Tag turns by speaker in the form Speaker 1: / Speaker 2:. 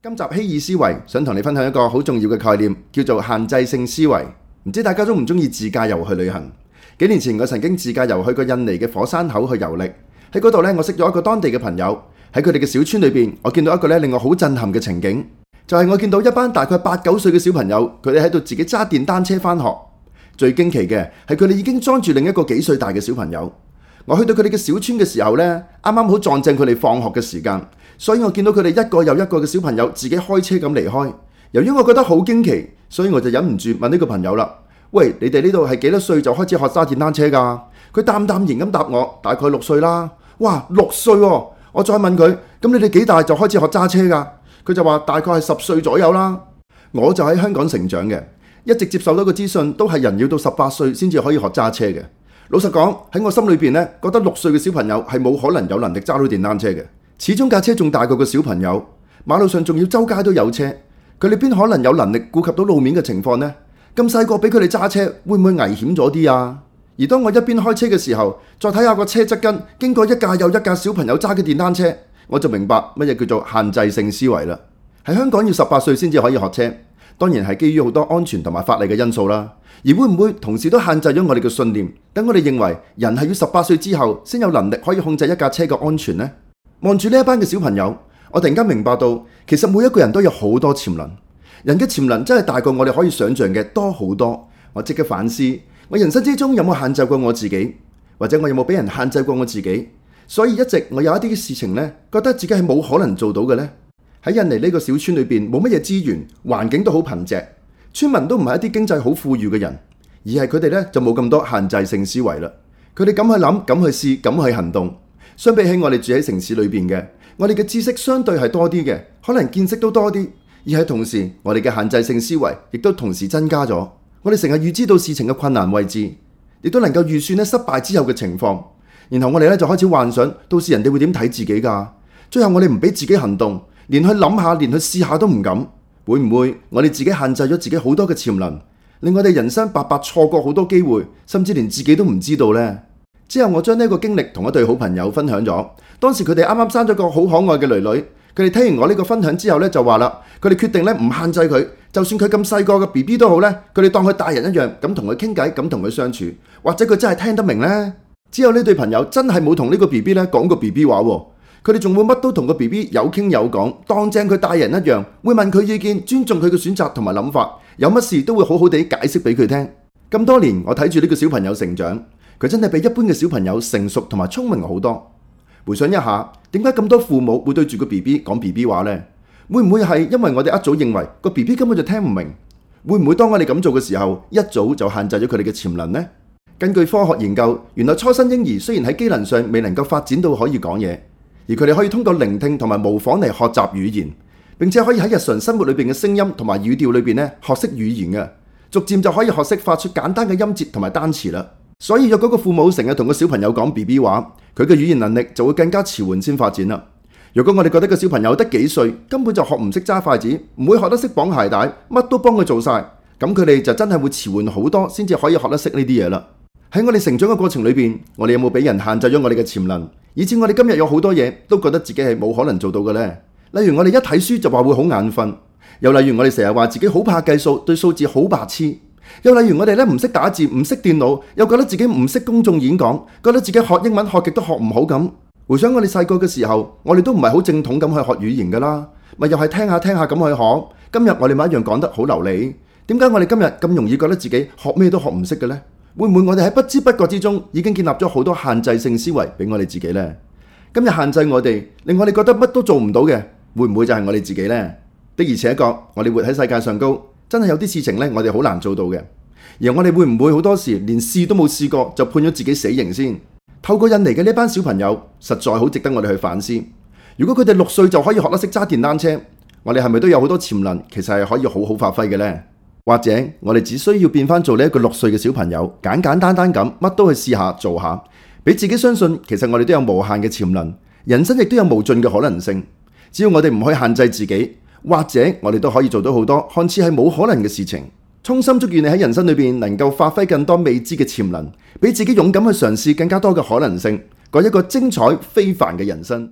Speaker 1: 今集希爾思維，想同你分享一個好重要嘅概念，叫做限制性思維。唔知大家都唔中意自駕遊去旅行？幾年前我曾經自駕遊去過印尼嘅火山口去遊歷，喺嗰度呢，我識咗一個當地嘅朋友，喺佢哋嘅小村裏邊，我見到一個呢令我好震撼嘅情景，就係、是、我見到一班大概八九歲嘅小朋友，佢哋喺度自己揸電單車返學。最驚奇嘅係佢哋已經裝住另一個幾歲大嘅小朋友。我去到佢哋嘅小村嘅時候呢，啱啱好撞正佢哋放學嘅時間，所以我見到佢哋一個又一個嘅小朋友自己開車咁離開。由於我覺得好驚奇，所以我就忍唔住問呢個朋友啦：喂，你哋呢度係幾多歲就開始學揸電單車噶？佢淡淡然咁答我：大概六歲啦。哇，六歲喎！啊！我再問佢：咁你哋幾大就開始學揸車噶？佢就話：大概係十歲左右啦。我就喺香港成長嘅，一直接受到個資訊都係人要到十八歲先至可以學揸車嘅。老實講，喺我心裏邊咧，覺得六歲嘅小朋友係冇可能有能力揸到電單車嘅。始終架車仲大過個小朋友，馬路上仲要周街都有車，佢哋邊可能有能力顧及到路面嘅情況呢？咁細個俾佢哋揸車會唔會危險咗啲啊？而當我一邊開車嘅時候，再睇下個車側跟經過一架又一架小朋友揸嘅電單車，我就明白乜嘢叫做限制性思維啦。喺香港要十八歲先至可以學車。當然係基於好多安全同埋法例嘅因素啦，而會唔會同時都限制咗我哋嘅信念？等我哋認為人係要十八歲之後先有能力可以控制一架車嘅安全呢？望住呢一班嘅小朋友，我突然間明白到，其實每一個人都有好多潛能，人嘅潛能真係大過我哋可以想象嘅多好多。我即刻反思，我人生之中有冇限制過我自己，或者我有冇俾人限制過我自己？所以一直我有一啲事情呢，覺得自己係冇可能做到嘅呢。喺印尼呢個小村裏邊冇乜嘢資源，環境都好貧瘠，村民都唔係一啲經濟好富裕嘅人，而係佢哋咧就冇咁多限制性思維啦。佢哋敢去諗，敢去試，敢去行動。相比起我哋住喺城市裏邊嘅，我哋嘅知識相對係多啲嘅，可能見識都多啲，而係同時我哋嘅限制性思維亦都同時增加咗。我哋成日預知到事情嘅困難位置，亦都能夠預算咧失敗之後嘅情況，然後我哋咧就開始幻想到時人哋會點睇自己噶啊。最後我哋唔俾自己行動。連去諗下，連去試下都唔敢，會唔會我哋自己限制咗自己好多嘅潛能，令我哋人生白白錯過好多機會，甚至連自己都唔知道呢？之後我將呢個經歷同一對好朋友分享咗，當時佢哋啱啱生咗個好可愛嘅女女，佢哋聽完我呢個分享之後咧就話啦，佢哋決定咧唔限制佢，就算佢咁細個嘅 BB 都好咧，佢哋當佢大人一樣咁同佢傾偈，咁同佢相處，或者佢真係聽得明呢？之後呢對朋友真係冇同呢個 BB 咧講過 BB 話。佢哋仲會乜都同個 B B 有傾有講，當正佢大人一樣，會問佢意見，尊重佢嘅選擇同埋諗法，有乜事都會好好地解釋俾佢聽。咁多年我睇住呢個小朋友成長，佢真係比一般嘅小朋友成熟同埋聰明好多。回想一下，點解咁多父母會對住個 B B 講 B B 話呢？會唔會係因為我哋一早認為個 B B 根本就聽唔明？會唔會當我哋咁做嘅時候，一早就限制咗佢哋嘅潛能呢？根據科學研究，原來初生嬰兒雖然喺機能上未能夠發展到可以講嘢。而佢哋可以通過聆聽同埋模仿嚟學習語言，並且可以喺日常生活裏邊嘅聲音同埋語調裏邊咧學識語言嘅，逐漸就可以學識發出簡單嘅音節同埋單詞啦。所以若果個父母成日同個小朋友講 BB 話，佢嘅語言能力就會更加遲緩先發展啦。如果我哋覺得個小朋友得幾歲，根本就學唔識揸筷子，唔會學得識綁鞋帶，乜都幫佢做晒，咁佢哋就真係會遲緩好多先至可以學得識呢啲嘢啦。喺我哋成長嘅過程裏邊，我哋有冇俾人限制咗我哋嘅潛能？以至我哋今日有好多嘢都覺得自己係冇可能做到嘅咧，例如我哋一睇書就話會好眼瞓，又例如我哋成日話自己好怕計數，對數字好白痴，又例如我哋咧唔識打字、唔識電腦，又覺得自己唔識公眾演講，覺得自己學英文學極都學唔好咁。回想我哋細個嘅時候，我哋都唔係好正統咁去學語言噶啦，咪又係聽下聽下咁去學。今日我哋咪一樣講得好流利，點解我哋今日咁容易覺得自己學咩都學唔識嘅呢？會唔會我哋喺不知不覺之中已經建立咗好多限制性思維俾我哋自己呢？今日限制我哋，令我哋覺得乜都做唔到嘅，會唔會就係我哋自己呢？的而且確，我哋活喺世界上高，真係有啲事情呢，我哋好難做到嘅。而我哋會唔會好多時連試都冇試過就判咗自己死刑先？透過印尼嘅呢班小朋友，實在好值得我哋去反思。如果佢哋六歲就可以學得識揸電單車，我哋係咪都有好多潛能，其實係可以好好發揮嘅呢？或者我哋只需要變翻做呢一個六歲嘅小朋友，簡簡單單咁乜都去試下做下，俾自己相信，其實我哋都有無限嘅潛能，人生亦都有無盡嘅可能性。只要我哋唔可以限制自己，或者我哋都可以做到好多看似係冇可能嘅事情。衷心祝願你喺人生裏面能夠發揮更多未知嘅潛能，俾自己勇敢去嘗試更加多嘅可能性，過一個精彩非凡嘅人生。